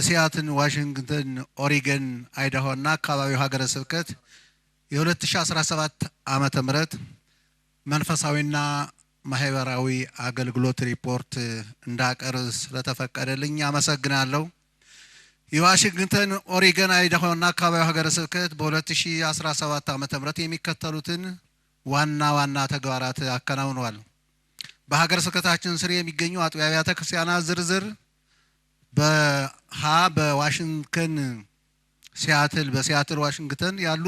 የሲያትን ዋሽንግተን፣ ኦሪገን፣ አይዳሆ እና አካባቢው ሀገረ ስብከት የ2017 ዓመተ ምህረት መንፈሳዊና ማህበራዊ አገልግሎት ሪፖርት እንዳቀርብ ስለተፈቀደልኝ አመሰግናለሁ። የዋሽንግተን፣ ኦሪገን፣ አይዳሆ እና አካባቢው ሀገረ ስብከት በ2017 ዓመተ ምህረት የሚከተሉትን ዋና ዋና ተግባራት አከናውነዋል። በሀገረ ስብከታችን ስር የሚገኙ አጥቢያ አብያተ ክርስቲያናት ዝርዝር በሀ በዋሽንግተን ሲያትል በሲያትል ዋሽንግተን ያሉ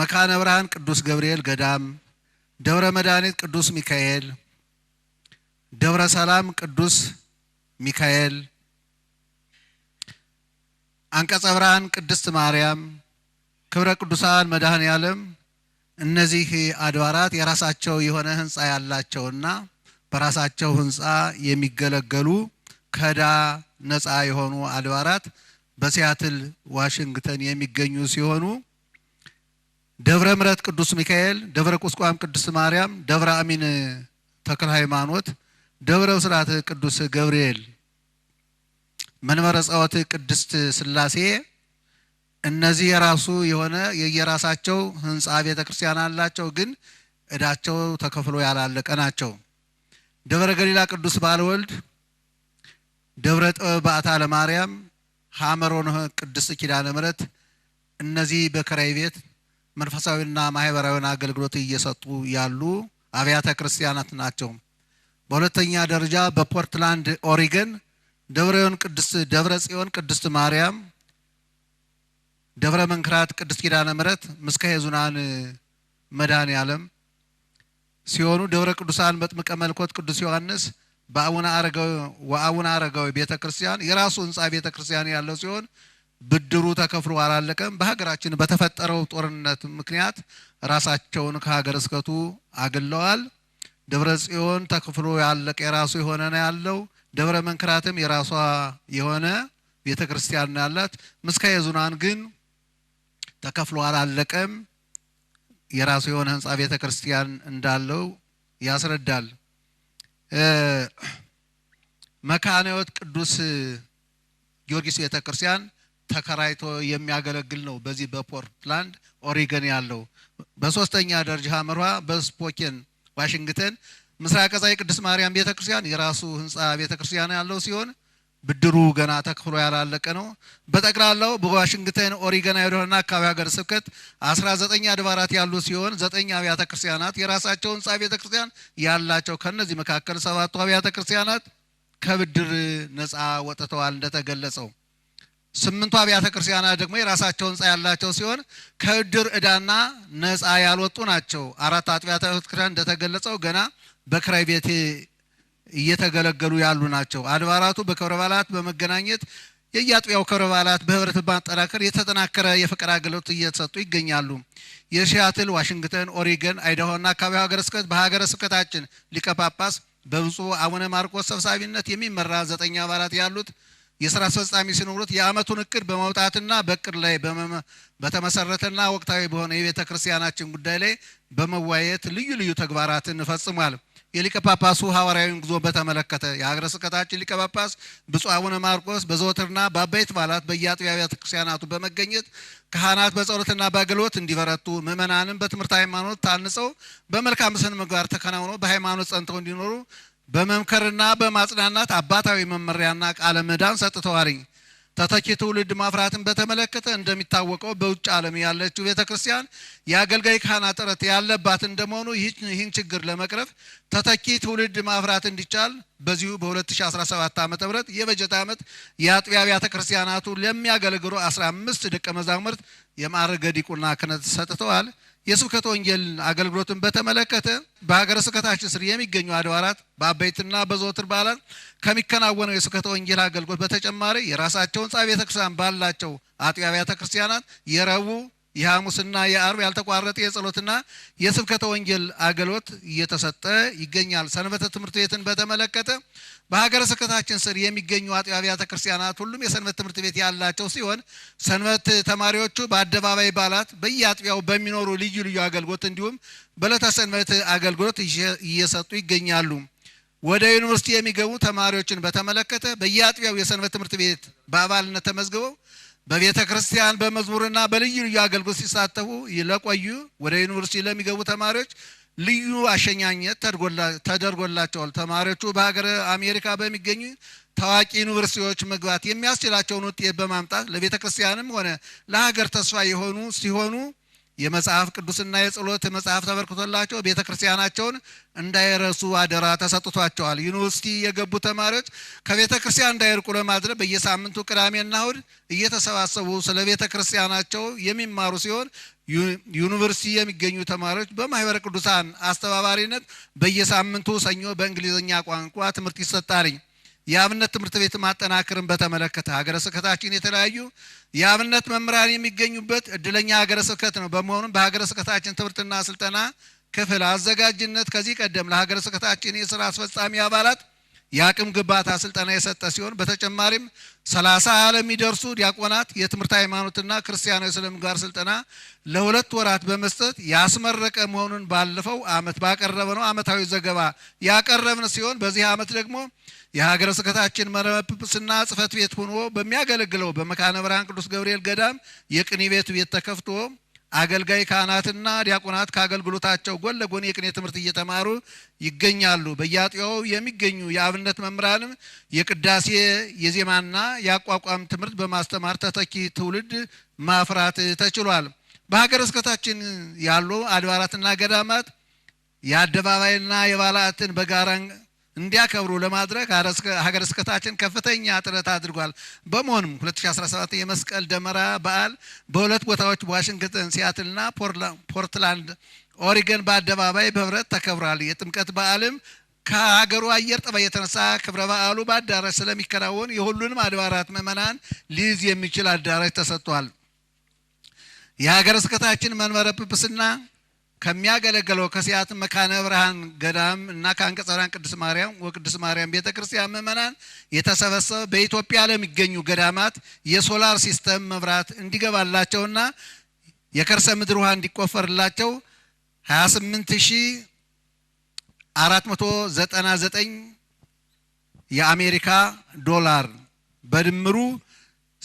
መካነ ብርሃን ቅዱስ ገብርኤል ገዳም፣ ደብረ መድኃኒት ቅዱስ ሚካኤል፣ ደብረ ሰላም ቅዱስ ሚካኤል፣ አንቀጸ ብርሃን ቅድስት ማርያም፣ ክብረ ቅዱሳን መድኃኔ ዓለም እነዚህ አድባራት የራሳቸው የሆነ ህንፃ ያላቸውና በራሳቸው ህንፃ የሚገለገሉ ከዳ ነፃ የሆኑ አድባራት በሲያትል ዋሽንግተን የሚገኙ ሲሆኑ ደብረ ምረት ቅዱስ ሚካኤል፣ ደብረ ቁስቋም ቅዱስ ማርያም፣ ደብረ አሚን ተክለ ሃይማኖት፣ ደብረ ብስራት ቅዱስ ገብርኤል፣ መንበረ ጸወት ቅድስት ስላሴ እነዚህ የራሱ የሆነ የየራሳቸው ህንፃ ቤተ ክርስቲያን አላቸው፣ ግን እዳቸው ተከፍሎ ያላለቀ ናቸው። ደብረ ገሊላ ቅዱስ ባለወልድ ደብረ ጥበብ ባታ ለማርያም ሐመሮን ቅድስት ኪዳነ ምሕረት እነዚህ በክራይ ቤት መንፈሳዊና ማህበራዊን አገልግሎት እየሰጡ ያሉ አብያተ ክርስቲያናት ናቸው። በሁለተኛ ደረጃ በፖርትላንድ ኦሪገን ደብረዮን ቅድስት ደብረ ጽዮን ቅድስት ማርያም፣ ደብረ መንክራት ቅድስት ኪዳነ ምሕረት፣ ምስካየ ኅዙናን መድኃኔ ዓለም ሲሆኑ ደብረ ቅዱሳን መጥምቀ መለኮት ቅዱስ ዮሐንስ በአቡነ አረጋዊ ወአቡነ አረጋዊ ቤተ ክርስቲያን የራሱ ህንፃ ቤተ ክርስቲያን ያለው ሲሆን ብድሩ ተከፍሮ አላለቀም። በሀገራችን በተፈጠረው ጦርነት ምክንያት ራሳቸውን ከሀገር እስከቱ አግለዋል። ደብረ ጽዮን ተከፍሎ ያለቀ የራሱ የሆነ ነው ያለው። ደብረ መንክራትም የራሷ የሆነ ቤተ ክርስቲያን ያላት። ምስካየ ኅዙናን ግን ተከፍሎ አላለቀም። የራሱ የሆነ ህንፃ ቤተ ክርስቲያን እንዳለው ያስረዳል። መካነ ቅዱስ ጊዮርጊስ ቤተክርስቲያን ተከራይቶ የሚያገለግል ነው። በዚህ በፖርትላንድ ኦሪገን ያለው በሶስተኛ ደረጃ መርሃ በስፖኬን ዋሽንግተን ምስራቅ ፀሐይ ቅድስት ማርያም ቤተክርስቲያን የራሱ ህንፃ ቤተክርስቲያን ያለው ሲሆን ብድሩ ገና ተክፍሎ ያላለቀ ነው። በጠቅላላው በዋሽንግተን ኦሪገን፣ አይዳሆና አካባቢ ሀገረ ስብከት 19 አድባራት ያሉ ሲሆን ዘጠኝ አብያተ ክርስቲያናት የራሳቸው ህንፃ ቤተ ክርስቲያን ያላቸው፣ ከነዚህ መካከል ሰባቱ አብያተ ክርስቲያናት ከብድር ነፃ ወጥተዋል እንደተገለጸው። ስምንቱ አብያተ ክርስቲያናት ደግሞ የራሳቸው ህንፃ ያላቸው ሲሆን ከብድር እዳና ነፃ ያልወጡ ናቸው። አራት አጥቢያተ ክርስቲያን እንደተገለጸው ገና በክራይ ቤቴ እየተገለገሉ ያሉ ናቸው። አድባራቱ በክብረ በዓላት በመገናኘት የየአጥቢያው ክብረ በዓላት በህብረት በማጠናከር የተጠናከረ የፍቅር አገልግሎት እየተሰጡ ይገኛሉ። የሲያትል፣ ዋሽንግተን፣ ኦሪገን፣ አይዳሆና አካባቢው ሀገረ ስብከት በሀገረ ስብከታችን ሊቀ ጳጳስ በብፁዕ አቡነ ማርቆስ ሰብሳቢነት የሚመራ ዘጠኝ አባላት ያሉት የስራ አስፈጻሚ ሲኖሩት የዓመቱን እቅድ በማውጣትና በእቅድ ላይ በተመሰረተና ወቅታዊ በሆነ የቤተ ክርስቲያናችን ጉዳይ ላይ በመወያየት ልዩ ልዩ ተግባራትን ፈጽሟል። የሊቀ ጳጳሱ ሐዋርያዊን ጉዞ በተመለከተ የሀገረ ስብከታችን ሊቀ ጳጳስ ብፁዕ አቡነ ማርቆስ በዘወትርና በአበይት በዓላት በየአጥቢያ ክርስቲያናቱ በመገኘት ካህናት በጸሎትና በአገልግሎት እንዲበረቱ፣ ምእመናንም በትምህርት ሃይማኖት ታንጸው በመልካም ስነ ምግባር ተከናውኖ በሃይማኖት ጸንተው እንዲኖሩ በመምከርና በማጽናናት አባታዊ መመሪያና ቃለ ምዕዳን ሰጥተዋልኝ። ተተኪ ትውልድ ማፍራትን በተመለከተ እንደሚታወቀው በውጭ ዓለም ያለችው ቤተ ክርስቲያን የአገልጋይ ካህናት እጥረት ያለባት እንደመሆኑ ይህን ችግር ለመቅረፍ ተተኪ ትውልድ ማፍራት እንዲቻል በዚሁ በ2017 ዓ ም የበጀት ዓመት የአጥቢያ ቤተ ክርስቲያናቱ ለሚያገለግሉ 15 ደቀ መዛሙርት የማዕረገ ዲቁና ክህነት ሰጥተዋል። የስብከት ወንጌል አገልግሎትን በተመለከተ በሀገረ ስብከታችን ስር የሚገኙ አድባራት በአበይትና በዘወትር በዓላት ከሚከናወነው የስብከት ወንጌል አገልግሎት በተጨማሪ የራሳቸው ሕንፃ ቤተክርስቲያን ባላቸው አጥቢያ አብያተ ክርስቲያናት የረቡዕ የሐሙስና የአርብ ያልተቋረጠ የጸሎትና የስብከተ ወንጌል አገልግሎት እየተሰጠ ይገኛል። ሰንበተ ትምህርት ቤትን በተመለከተ በሀገረ ስብከታችን ስር የሚገኙ አጥቢያ አብያተ ክርስቲያናት ሁሉም የሰንበት ትምህርት ቤት ያላቸው ሲሆን ሰንበት ተማሪዎቹ በአደባባይ በዓላት፣ በየአጥቢያው በሚኖሩ ልዩ ልዩ አገልግሎት እንዲሁም በዕለተ ሰንበት አገልግሎት እየሰጡ ይገኛሉ። ወደ ዩኒቨርሲቲ የሚገቡ ተማሪዎችን በተመለከተ በየአጥቢያው የሰንበት ትምህርት ቤት በአባልነት ተመዝግበው በቤተ ክርስቲያን በመዝሙርና በልዩ ልዩ አገልግሎት ሲሳተፉ ለቆዩ ወደ ዩኒቨርሲቲ ለሚገቡ ተማሪዎች ልዩ አሸኛኘት ተደርጎላቸዋል። ተማሪዎቹ በሀገረ አሜሪካ በሚገኙ ታዋቂ ዩኒቨርሲቲዎች መግባት የሚያስችላቸውን ውጤት በማምጣት ለቤተ ክርስቲያንም ሆነ ለሀገር ተስፋ የሆኑ ሲሆኑ የመጽሐፍ ቅዱስና የጸሎት መጽሐፍ ተበርክቶላቸው ቤተ ክርስቲያናቸውን እንዳይረሱ አደራ ተሰጥቷቸዋል። ዩኒቨርሲቲ የገቡ ተማሪዎች ከቤተ ክርስቲያን እንዳይርቁ ለማድረግ በየሳምንቱ ቅዳሜና እሁድ እየተሰባሰቡ ስለ ቤተ ክርስቲያናቸው የሚማሩ ሲሆን ዩኒቨርሲቲ የሚገኙ ተማሪዎች በማህበረ ቅዱሳን አስተባባሪነት በየሳምንቱ ሰኞ በእንግሊዝኛ ቋንቋ ትምህርት ይሰጣልኝ። የአብነት ትምህርት ቤት ማጠናከርን በተመለከተ ሀገረ ስብከታችን የተለያዩ የአብነት መምህራን የሚገኙበት እድለኛ ሀገረ ስብከት ነው። በመሆኑም በሀገረ ስብከታችን ትምህርትና ስልጠና ክፍል አዘጋጅነት ከዚህ ቀደም ለሀገረ ስብከታችን የስራ አስፈጻሚ አባላት የአቅም ግንባታ ስልጠና የሰጠ ሲሆን በተጨማሪም ሰላሳ ለሚደርሱ ዲያቆናት የትምህርት ሃይማኖትና ክርስቲያናዊ ስነ ምግባር ስልጠና ለሁለት ወራት በመስጠት ያስመረቀ መሆኑን ባለፈው ዓመት ነው ዓመታዊ ዘገባ ያቀረብን ሲሆን በዚህ ዓመት ደግሞ የሀገረ ስብከታችን መንበረ ጵጵስና ጽሕፈት ቤት ሆኖ በሚያገለግለው በመካነ ብርሃን ቅዱስ ገብርኤል ገዳም የቅኔ ቤቱ ቤት ተከፍቶ አገልጋይ ካህናትና ዲያቆናት ከአገልግሎታቸው ጎን ለጎን የቅኔ ትምህርት እየተማሩ ይገኛሉ። በየአጥቢያው የሚገኙ የአብነት መምህራንም የቅዳሴ የዜማና የአቋቋም ትምህርት በማስተማር ተተኪ ትውልድ ማፍራት ተችሏል። በሀገረ ስብከታችን ያሉ አድባራትና ገዳማት የአደባባይና የበዓላትን በጋራ እንዲያከብሩ ለማድረግ ሀገረ ስብከታችን ከፍተኛ ጥረት አድርጓል። በመሆኑም 2017 የመስቀል ደመራ በዓል በሁለት ቦታዎች ዋሽንግተን ሲያትልና ፖርትላንድ ኦሪገን በአደባባይ በህብረት ተከብሯል። የጥምቀት በዓልም ከሀገሩ አየር ጠባይ የተነሳ ክብረ በዓሉ በአዳራሽ ስለሚከናወን የሁሉንም አድባራት ምዕመናን ሊይዝ የሚችል አዳራሽ ተሰጥቷል። የሀገረ ስብከታችን መንበረ ጵጵስና ከሚያገለግለው ከሲያት መካነ ብርሃን ገዳም እና ከአንቀጸ ብርሃን ቅዱስ ማርያም ወቅዱስ ማርያም ቤተ ክርስቲያን ምእመናን የተሰበሰበ በኢትዮጵያ ለሚገኙ ገዳማት የሶላር ሲስተም መብራት እንዲገባላቸውና የከርሰ ምድር ውሃ እንዲቆፈርላቸው 28499 የአሜሪካ ዶላር በድምሩ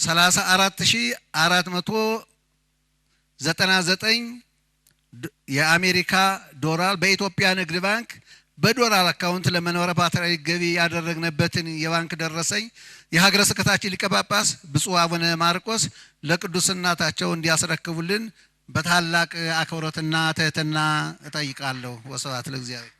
34499 የአሜሪካ ዶላር በኢትዮጵያ ንግድ ባንክ በዶላር አካውንት ለመኖረ ፓትርያዊ ገቢ ያደረግንበትን የባንክ ደረሰኝ የሀገረ ስብከታችን ሊቀ ጳጳስ ብፁዕ አቡነ ማርቆስ ለቅዱስናታቸው እንዲያስረክቡልን በታላቅ አክብሮትና ትህትና እጠይቃለሁ። ወስብሐት ለእግዚአብሔር።